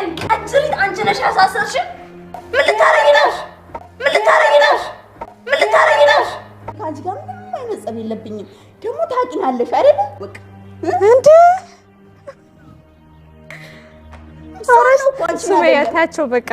ያለን ቀጅሊት አንቺ ነሽ ያሳሰርሽን። ምን ልታረጊ ነሽ? ምን ልታረጊ ነሽ? ምን ልታረጊ ነሽ? ከአንቺ ጋር ምንም አይነት ጸብ የለብኝም። ደግሞ ታውቂናለሽ አይደለ? እንደ ሱመያታቸው በቃ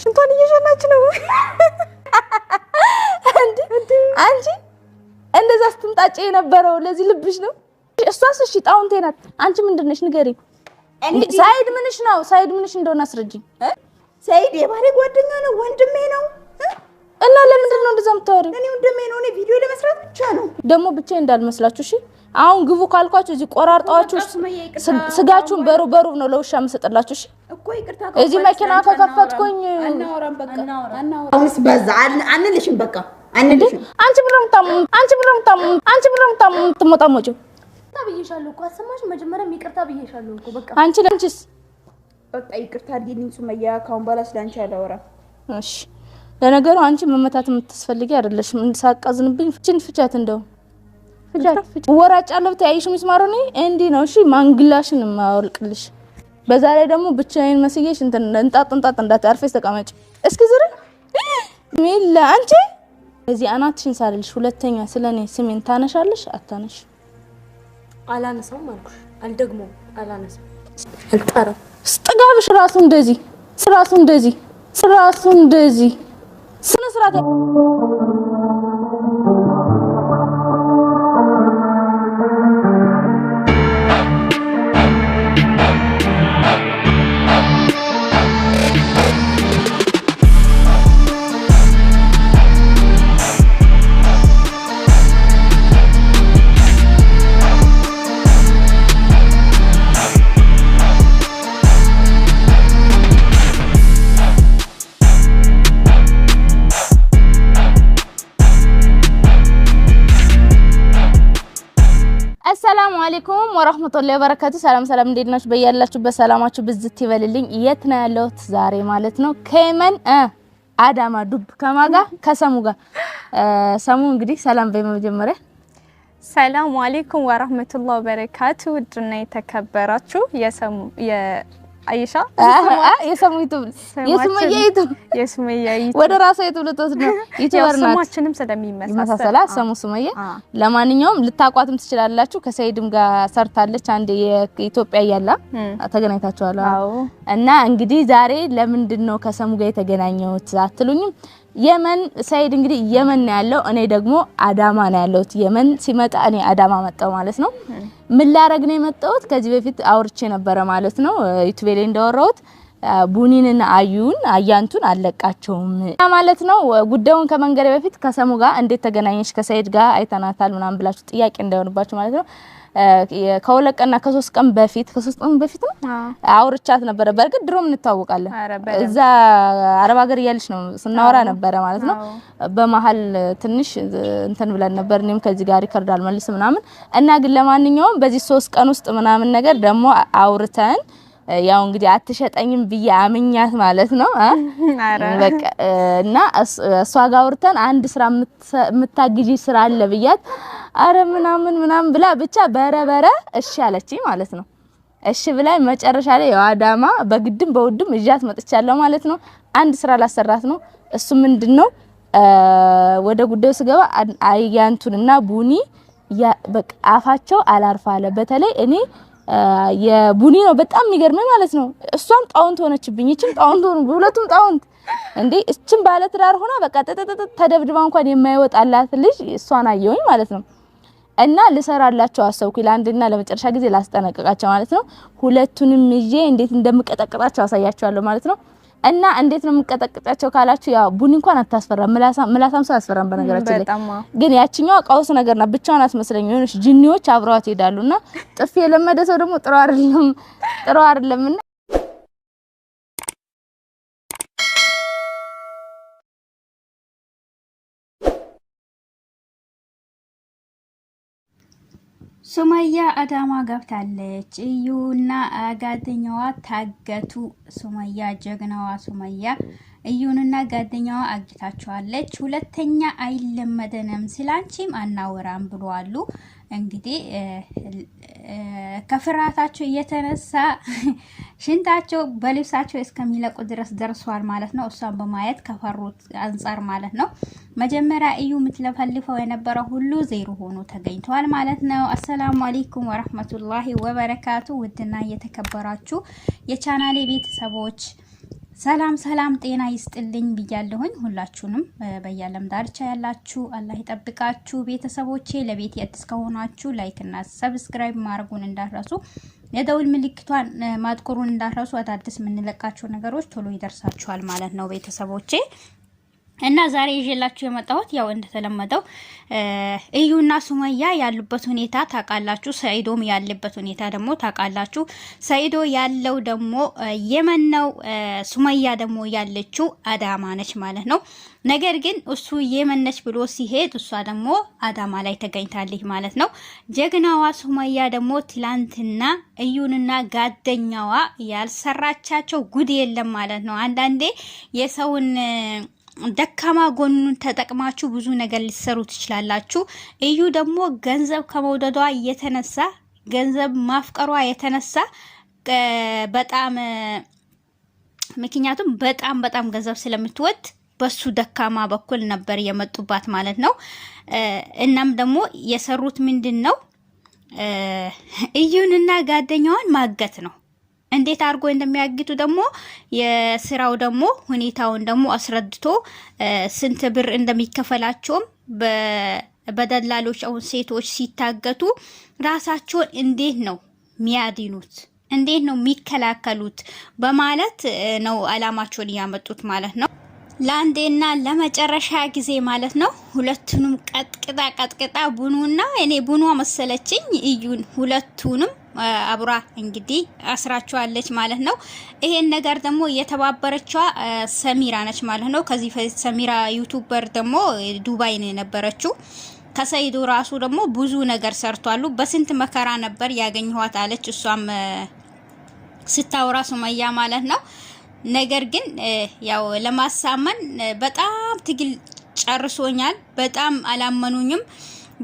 ሽንቷን እየሸናች ነው። አንቺ እንደዛ ስትምጣጭ የነበረው ለዚህ ልብሽ ነው። እሷስ እሺ ጣውንቴ ናት። አንቺ ምንድን ነሽ ንገሪኝ ሳይድ ምንሽ ነው? ሳይድ ምንሽ እንደሆነ አስረጅኝ። ሳይድ የባህሪ ጓደኛ ነው፣ ወንድሜ ነው። እና ለምንድን ነው እንደዛ የምታወሪው? እኔ ወንድሜ ነው። እኔ ቪዲዮ ለመስራት ብቻ ነው። ደግሞ ብቻ እንዳልመስላችሁ እሺ። አሁን ግቡ ካልኳችሁ እዚህ ቆራርጣችሁ ስጋችሁን በሩብ በሩብ ነው ለውሻ የምሰጥላችሁ። እሺ እኮ ይቅርታ። እዚህ መኪና ከከፈትኩኝ አናወራም። በቃ አናወራም። በዛ አንልሽም። በቃ አንልሽም። አንቺ ብለህ የምታሙ አንቺ ብለህ የምታሙ አንቺ ብለህ የምታሙ የምትሞጣሞጪው ይቅርታ ብዬሻለሁ እኮ አሰማሽ። መጀመሪያም ይቅርታ ብዬሻለሁ እኮ በቃ። አንቺ ለአንቺስ በቃ ይቅርታ አድርጊልኝ ሱመያ፣ ካሁን በኋላ ስለአንቺ አላወራም። እሺ ለነገሩ አንቺ መመታት የምታስፈልጊ አይደለሽም። እንድሳቃዝንብኝ ፍቺን ፍቻት፣ እንደው ፍቻት ወራጭ አለው ተያይሽ ሚስማሩ ነው እንዲህ ነው። እሺ ማንግላሽን የማወልቅልሽ በዛ ላይ ደግሞ ብቻዬን መስዬሽ እንትን እንጣጥ እንጣጥ እንዳታርፈሽ ተቀመጭ። እስኪ ዝር ሚላ አንቺ እዚህ አናትሽን ሳልልሽ ሁለተኛ ስለኔ ስሜን ታነሻለሽ አታነሽ አላነሳውም አልኩሽ። አልደግሞም አላነሳው አልጠራም። ስጥጋብሽ ራሱ እንደዚህ ስራሱ እንደዚህ ስራሱ እንደዚህ ስነ ስርዓት አለይኩም ወራህመቱላሂ ወበረካቱ። ሰላም ሰላም፣ እንዴት ናችሁ? በያላችሁበት ሰላማችሁ ብዝት ይበልልኝ። የት ነው ያለሁት ዛሬ ማለት ነው? ከየመን አዳማ ዱብ ከማጋ ከሰሙ ጋር ሰሙ። እንግዲህ ሰላም በይ መጀመሪያ። ሰላም አለይኩም ወራህመቱላሂ ወበረካቱ። ውድና የተከበራችሁ የሰሙ አይሻ የሰሙይቱ የሱመያይቱ የሱመያይቱ ወደ ራሷ የትብልቶት ነው ዩቲዩበር ናት። ስማችንም ስለሚመሳሰላ ሰሙ ሱመያ። ለማንኛውም ልታቋትም ትችላላችሁ። ከሰይድም ጋር ሰርታለች። አንድ የኢትዮጵያ እያለ ተገናኝታችኋል። እና እንግዲህ ዛሬ ለምንድን ነው ከሰሙ ጋር የተገናኘሁት አትሉኝም? የመን ሰይድ እንግዲህ የመን ነው ያለው፣ እኔ ደግሞ አዳማ ነው ያለሁት። የመን ሲመጣ እኔ አዳማ መጣው ማለት ነው። ምን ላረግ ነው የመጣሁት? ከዚህ በፊት አውርቼ ነበረ ማለት ነው ዩቲዩብ ላይ እንዳወራሁት ቡኒንና አዩን አያንቱን አለቃቸውም ማለት ነው። ጉዳዩን ከመንገሬ በፊት ከሰሙ ጋር እንዴት ተገናኘች ከሰይድ ጋር አይተናታል ምናምን ብላችሁ ጥያቄ እንዳይሆንባችሁ ማለት ነው ከሁለት ቀንና ከሶስት ቀን በፊት ከሶስት ቀን በፊት አውርቻት ነበረ። በእርግጥ ድሮም እንታወቃለን። እዛ አረብ ሀገር እያለች ነው ስናወራ ነበረ ማለት ነው። በመሀል ትንሽ እንትን ብለን ነበር። እኔም ከዚህ ጋር ሪከርድ አልመልስ ምናምን እና ግን ለማንኛውም በዚህ ሶስት ቀን ውስጥ ምናምን ነገር ደግሞ አውርተን ያው እንግዲህ አትሸጠኝም ብዬ አምኛት ማለት ነው። እና እሷ ጋር አውርተን አንድ ስራ የምታግዢ ስራ አለ ብያት፣ አረ ምናምን ምናምን ብላ ብቻ በረበረ እሺ አለችኝ ማለት ነው። እሺ ብላ መጨረሻ ላይ ያው አዳማ በግድም በውድም እዣት መጥቻለሁ ማለት ነው። አንድ ስራ ላሰራት ነው። እሱ ምንድን ነው ወደ ጉዳዩ ስገባ አያንቱንና ቡኒ በቃ አፋቸው አላርፋለ። በተለይ እኔ የቡኒ ነው። በጣም የሚገርም ማለት ነው። እሷም ጣውንት ሆነችብኝ፣ እችም ጣውንት ሆኑ፣ ሁለቱም ጣውንት እንዴ። እችም ባለ ትዳር ሆና በቃ ጥጥጥ ተደብድባ እንኳን የማይወጣላት ልጅ እሷን አየሁኝ ማለት ነው። እና ልሰራላቸው አሰብኩኝ። ለአንድና ለመጨረሻ ጊዜ ላስጠነቅቃቸው ማለት ነው። ሁለቱንም ይዤ እንዴት እንደምቀጠቅጣቸው አሳያቸዋለሁ ማለት ነው። እና እንዴት ነው የምንቀጠቅጫቸው ካላችሁ፣ ያው ቡኒ እንኳን አታስፈራም፣ ምላሳም ሰው አያስፈራም። በነገራችን ላይ ግን ያቺኛው ቀውስ ነገር ናት፣ ብቻዋን አትመስለኝም። የሆነች ጅኒዎች አብረዋት ይሄዳሉና ጥፊ የለመደ ሰው ደግሞ ጥሩ አይደለም፣ ጥሩ አይደለም። ሱመያ አዳማ ገብታለች። እዩና ጓደኛዋ ታገቱ። ሱመያ ጀግናዋ ሱመያ እዩንና ጓደኛዋ አግታችኋለች። ሁለተኛ አይለመደንም፣ ስላንቺም አናወራም ብለዋሉ። እንግዲህ ከፍርሃታቸው እየተነሳ ሽንታቸው በልብሳቸው እስከሚለቁ ድረስ ደርሷል ማለት ነው። እሷን በማየት ከፈሩት አንጻር ማለት ነው። መጀመሪያ እዩ የምትለፈልፈው የነበረው ሁሉ ዜሮ ሆኖ ተገኝተዋል ማለት ነው። አሰላሙ አሌይኩም ወረህመቱላሂ ወበረካቱ ውድና የተከበራችሁ የቻናሌ ቤተሰቦች ሰላም ሰላም ጤና ይስጥልኝ ብያለሁኝ። ሁላችሁንም በያለም ዳርቻ ያላችሁ አላህ ይጠብቃችሁ። ቤተሰቦቼ ለቤት አዲስ ከሆናችሁ ላይክ እና ሰብስክራይብ ማድረጉን እንዳትረሱ። የደውል ምልክቷን ማጥቆሩን እንዳትረሱ። አዳዲስ የምንለቃቸው ነገሮች ቶሎ ይደርሳችኋል ማለት ነው ቤተሰቦቼ። እና ዛሬ ይዤላችሁ የመጣሁት ያው እንደተለመደው እዩና ሱመያ ያሉበት ሁኔታ ታውቃላችሁ። ሰኢዶም ያለበት ሁኔታ ደግሞ ታውቃላችሁ። ሰኢዶ ያለው ደግሞ የመን ነው፣ ሱመያ ደግሞ ያለችው አዳማ ነች ማለት ነው። ነገር ግን እሱ የመን ነች ብሎ ሲሄድ እሷ ደግሞ አዳማ ላይ ተገኝታለች ማለት ነው። ጀግናዋ ሱመያ ደግሞ ትላንትና እዩንና ጋደኛዋ ያልሰራቻቸው ጉድ የለም ማለት ነው። አንዳንዴ የሰውን ደካማ ጎኑን ተጠቅማችሁ ብዙ ነገር ሊሰሩ ትችላላችሁ። እዩ ደግሞ ገንዘብ ከመውደዷ የተነሳ ገንዘብ ማፍቀሯ የተነሳ በጣም ምክንያቱም በጣም በጣም ገንዘብ ስለምትወድ በሱ ደካማ በኩል ነበር የመጡባት ማለት ነው። እናም ደግሞ የሰሩት ምንድን ነው? እዩንና ጓደኛዋን ማገት ነው። እንዴት አድርጎ እንደሚያግቱ ደግሞ የስራው ደግሞ ሁኔታውን ደግሞ አስረድቶ ስንት ብር እንደሚከፈላቸውም በደላሎች አሁን ሴቶች ሲታገቱ ራሳቸውን እንዴት ነው ሚያድኑት እንዴት ነው የሚከላከሉት በማለት ነው አላማቸውን እያመጡት ማለት ነው። ለአንዴና ለመጨረሻ ጊዜ ማለት ነው። ሁለቱንም ቀጥቅጣ ቀጥቅጣ ቡኑና እኔ ቡኗ መሰለችኝ እዩን ሁለቱንም አቡራ እንግዲህ አስራቸዋለች ማለት ነው። ይሄን ነገር ደግሞ የተባበረችዋ ሰሚራ ነች ማለት ነው። ከዚህ ሰሚራ ዩቱበር ደግሞ ዱባይ ነው የነበረችው። ከሰይዱ ራሱ ደግሞ ብዙ ነገር ሰርቷሉ። በስንት መከራ ነበር ያገኘኋት አለች እሷም ስታወራ ሱመያ ማለት ነው። ነገር ግን ያው ለማሳመን በጣም ትግል ጨርሶኛል። በጣም አላመኑኝም።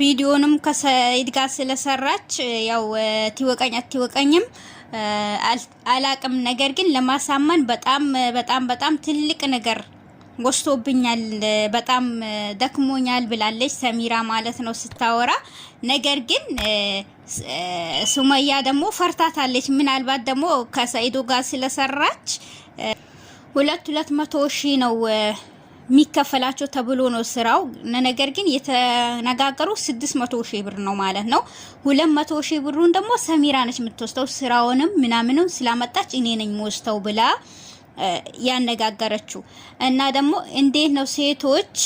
ቪዲዮንም ከሰይድ ጋር ስለሰራች ያው ትወቀኝ አትወቀኝም አላቅም። ነገር ግን ለማሳመን በጣም በጣም በጣም ትልቅ ነገር ወስቶብኛል፣ በጣም ደክሞኛል ብላለች ሰሚራ ማለት ነው ስታወራ። ነገር ግን ሱመያ ደግሞ ፈርታታለች። ምናልባት ደግሞ ከሰይዶ ጋር ስለሰራች ሁለት ሁለት መቶ ሺህ ነው የሚከፈላቸው ተብሎ ነው ስራው። ነገር ግን የተነጋገሩ 600 መቶ ሺህ ብር ነው ማለት ነው። 200 መቶ ሺህ ብሩን ደግሞ ሰሚራ ነች የምትወስተው ስራውንም ምናምንም ስላመጣች እኔ ነኝ ወስተው ብላ ያነጋገረችው እና ደግሞ እንዴት ነው ሴቶች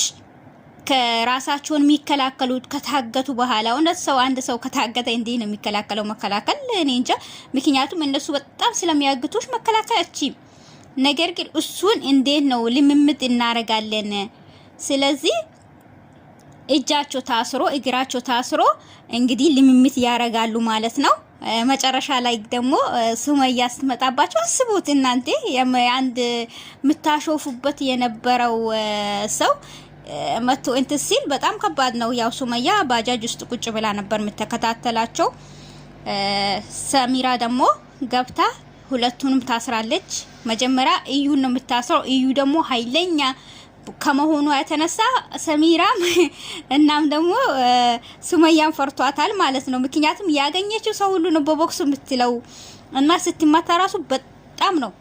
ከራሳቸውን የሚከላከሉት ከታገቱ በኋላ እውነት ሰው አንድ ሰው ከታገተ እንዲህ ነው የሚከላከለው መከላከል እኔ እንጃ ምክንያቱም እነሱ በጣም ስለሚያግቶች መከላከል አችም ነገር ግን እሱን እንዴት ነው ልምምት እናደርጋለን። ስለዚህ እጃቸው ታስሮ እግራቸው ታስሮ እንግዲህ ልምምት ያደርጋሉ ማለት ነው። መጨረሻ ላይ ደግሞ ሱመያ ስትመጣባቸው አስቡት እናንተ የአንድ የምታሾፉበት የነበረው ሰው መቶ እንትን ሲል በጣም ከባድ ነው። ያው ሱመያ ባጃጅ ውስጥ ቁጭ ብላ ነበር የምትከታተላቸው። ሰሚራ ደግሞ ገብታ ሁለቱንም ታስራለች። መጀመሪያ እዩን ነው የምታስረው። እዩ ደግሞ ኃይለኛ ከመሆኑ የተነሳ ሰሚራም እናም ደግሞ ሱመያን ፈርቷታል ማለት ነው። ምክንያቱም ያገኘችው ሰው ሁሉ ነው በቦክሱ የምትለው እና ስትመታ ራሱ በጣም ነው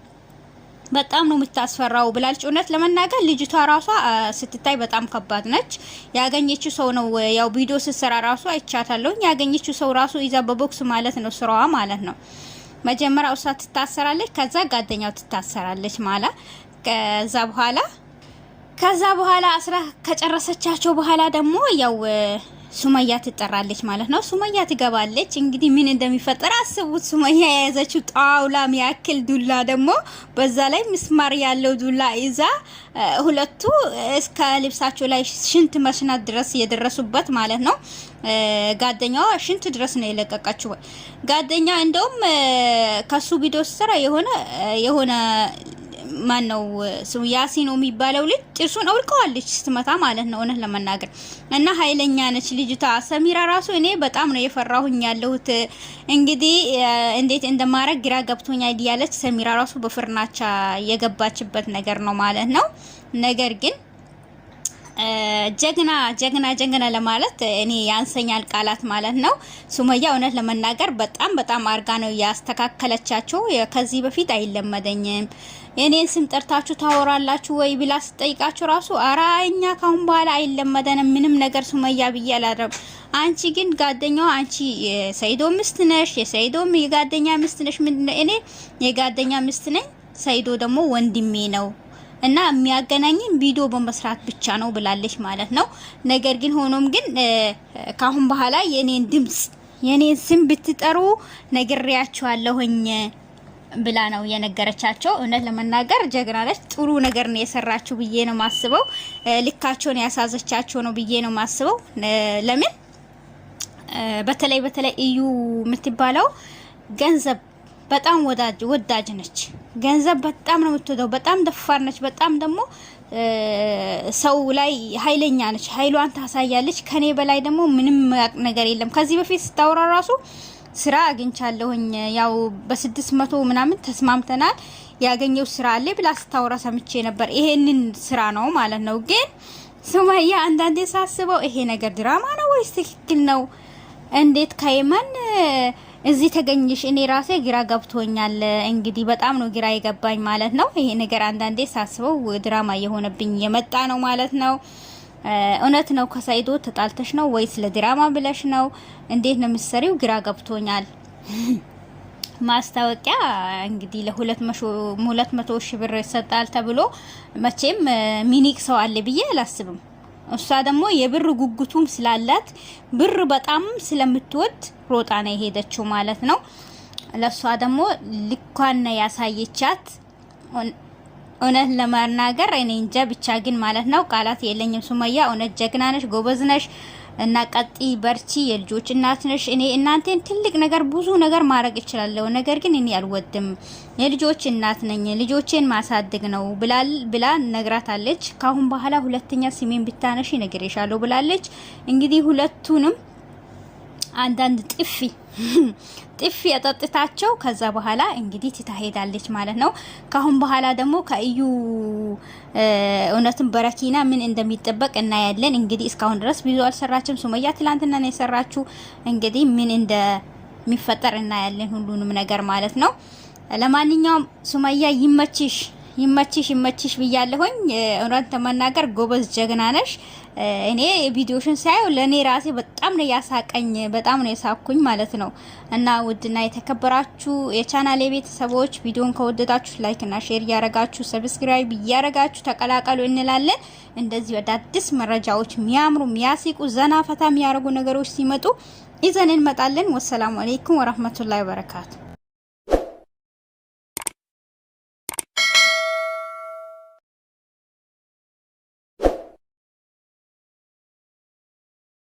በጣም ነው የምታስፈራው ብላል። ጭነት ለመናገር ልጅቷ ራሷ ስትታይ በጣም ከባድ ነች። ያገኘችው ሰው ነው ያው ቪዲዮ ስትሰራ ራሱ አይቻታለሁ። ያገኘችው ሰው ራሱ ይዛ በቦክስ ማለት ነው ስራዋ ማለት ነው። መጀመሪያው እሷ ትታሰራለች፣ ከዛ ጋደኛው ትታሰራለች ማላ ከዛ በኋላ ከዛ በኋላ አስራ ከጨረሰቻቸው በኋላ ደግሞ ያው ሱመያ ትጠራለች ማለት ነው። ሱመያ ትገባለች። እንግዲህ ምን እንደሚፈጠር አስቡት። ሱመያ የያዘችው ጣውላ ሚያክል ዱላ ደግሞ በዛ ላይ ምስማር ያለው ዱላ ይዛ ሁለቱ እስከ ልብሳቸው ላይ ሽንት መስናት ድረስ የደረሱበት ማለት ነው። ጋደኛዋ ሽንት ድረስ ነው የለቀቀችው። ጋደኛ እንደውም ከሱ ቪዲዮ ስራ የሆነ የሆነ ማን ነው ያሲን ነው የሚባለው ልጅ ጥርሱን አውልቀዋለች ስትመታ ማለት ነው። እውነት ለመናገር እና ኃይለኛ ነች ልጅቷ ሰሚራ ራሱ እኔ በጣም ነው የፈራሁኝ ያለሁት እንግዲህ እንዴት እንደማረግ ግራ ገብቶኛል እያለች ሰሚራ ራሱ በፍርናቻ የገባችበት ነገር ነው ማለት ነው። ነገር ግን ጀግና ጀግና ጀግና ለማለት እኔ ያንሰኛል ቃላት ማለት ነው። ሱመያ እውነት ለመናገር በጣም በጣም አርጋ ነው ያስተካከለቻቸው። ከዚህ በፊት አይለመደኝም የኔን ስም ጠርታችሁ ታወራላችሁ ወይ ብላ ስጠይቃችሁ ራሱ አራ እኛ ካሁን በኋላ አይለመደንም ምንም ነገር ሱመያ ብዬ አላረም። አንቺ ግን ጋደኛው አንቺ የሰይዶ ምስት ነሽ፣ የሰይዶ የጓደኛ ምስት ነሽ። ምንድነው እኔ የጋደኛ ምስት ነኝ፣ ሰይዶ ደግሞ ወንድሜ ነው እና የሚያገናኝን ቪዲዮ በመስራት ብቻ ነው ብላለች ማለት ነው። ነገር ግን ሆኖም ግን ካሁን በኋላ የኔን ድምጽ የኔን ስም ብትጠሩ ነግሬያችኋለሁኝ። ብላ ነው የነገረቻቸው። እውነት ለመናገር ጀግና ነች። ጥሩ ነገር ነው የሰራችሁ ብዬ ነው ማስበው። ልካቸውን ያሳዘቻቸው ነው ብዬ ነው ማስበው። ለምን በተለይ በተለይ እዩ የምትባለው ገንዘብ በጣም ወዳጅ ወዳጅ ነች። ገንዘብ በጣም ነው የምትወደው። በጣም ደፋር ነች። በጣም ደግሞ ሰው ላይ ኃይለኛ ነች። ኃይሏን ታሳያለች። ከኔ በላይ ደግሞ ምንም ነገር የለም። ከዚህ በፊት ስታወራ ራሱ ስራ አግኝቻለሁኝ ያው በስድስት መቶ ምናምን ተስማምተናል ያገኘው ስራ አለ ብላ ስታወራ ሰምቼ ነበር። ይሄንን ስራ ነው ማለት ነው። ግን ሱማያ አንዳንዴ ሳስበው ይሄ ነገር ድራማ ነው ወይስ ትክክል ነው? እንዴት ካይመን እዚህ ተገኝሽ? እኔ ራሴ ግራ ገብቶኛል። እንግዲህ በጣም ነው ግራ የገባኝ ማለት ነው። ይሄ ነገር አንዳንዴ ሳስበው ድራማ የሆነብኝ የመጣ ነው ማለት ነው። እውነት ነው ከሳይዶ ተጣልተሽ ነው ወይስ ለድራማ ብለሽ ነው? እንዴት ነው የምትሰሪው? ግራ ገብቶኛል። ማስታወቂያ እንግዲህ ለሁለት መቶ ሺህ ብር ይሰጣል ተብሎ መቼም ሚኒቅ ሰው አለ ብዬ አላስብም። እሷ ደግሞ የብር ጉጉቱም ስላላት ብር በጣም ስለምትወድ ሮጣ ነው የሄደችው ማለት ነው። ለእሷ ደግሞ ልኳን ያሳየቻት እውነት ለመናገር እኔ እንጃ ብቻ ግን ማለት ነው ቃላት የለኝም። ሱመያ እውነት ጀግና ነሽ፣ ጎበዝ ነሽ እና ቀጢ በርቺ፣ የልጆች እናት ነሽ። እኔ እናንተን ትልቅ ነገር ብዙ ነገር ማድረግ እችላለሁ፣ ነገር ግን እኔ አልወድም፣ የልጆች እናት ነኝ፣ ልጆቼን ማሳደግ ነው ብላል ብላ ነግራታለች። ካሁን በኋላ ሁለተኛ ስሜን ብታነሽ ነግሬሻለሁ ብላለች። እንግዲህ ሁለቱንም አንዳንድ ጥፊ ጥፊ ያጠጥታቸው ከዛ በኋላ እንግዲህ ትታሄዳለች ማለት ነው። ካሁን በኋላ ደግሞ ከእዩ እውነትም በረኪና ምን እንደሚጠበቅ እናያለን። እንግዲህ እስካሁን ድረስ ብዙ አልሰራችም። ሱመያ ትላንትና ነው የሰራችው። እንግዲህ ምን እንደሚፈጠር እናያለን፣ ሁሉንም ነገር ማለት ነው። ለማንኛውም ሱመያ ይመችሽ፣ ይመችሽ፣ ይመችሽ ብያለሁኝ። እውነት ተመናገር ጎበዝ ጀግና ነሽ። እኔ ቪዲዮሽን ሳየው ለእኔ ራሴ በጣም ነው ያሳቀኝ፣ በጣም ነው የሳኩኝ ማለት ነው። እና ውድና የተከበራችሁ የቻናሌ ቤተሰቦች ቪዲዮን ከወደዳችሁ ላይክና ሼር እያረጋችሁ ሰብስክራይብ እያረጋችሁ ተቀላቀሉ እንላለን። እንደዚህ ወደ አዲስ መረጃዎች የሚያምሩ የሚያስቁ ዘና ፈታ የሚያደርጉ ነገሮች ሲመጡ ይዘን እንመጣለን። ወሰላሙ አሌይኩም ወረህመቱላሂ ወበረካቱ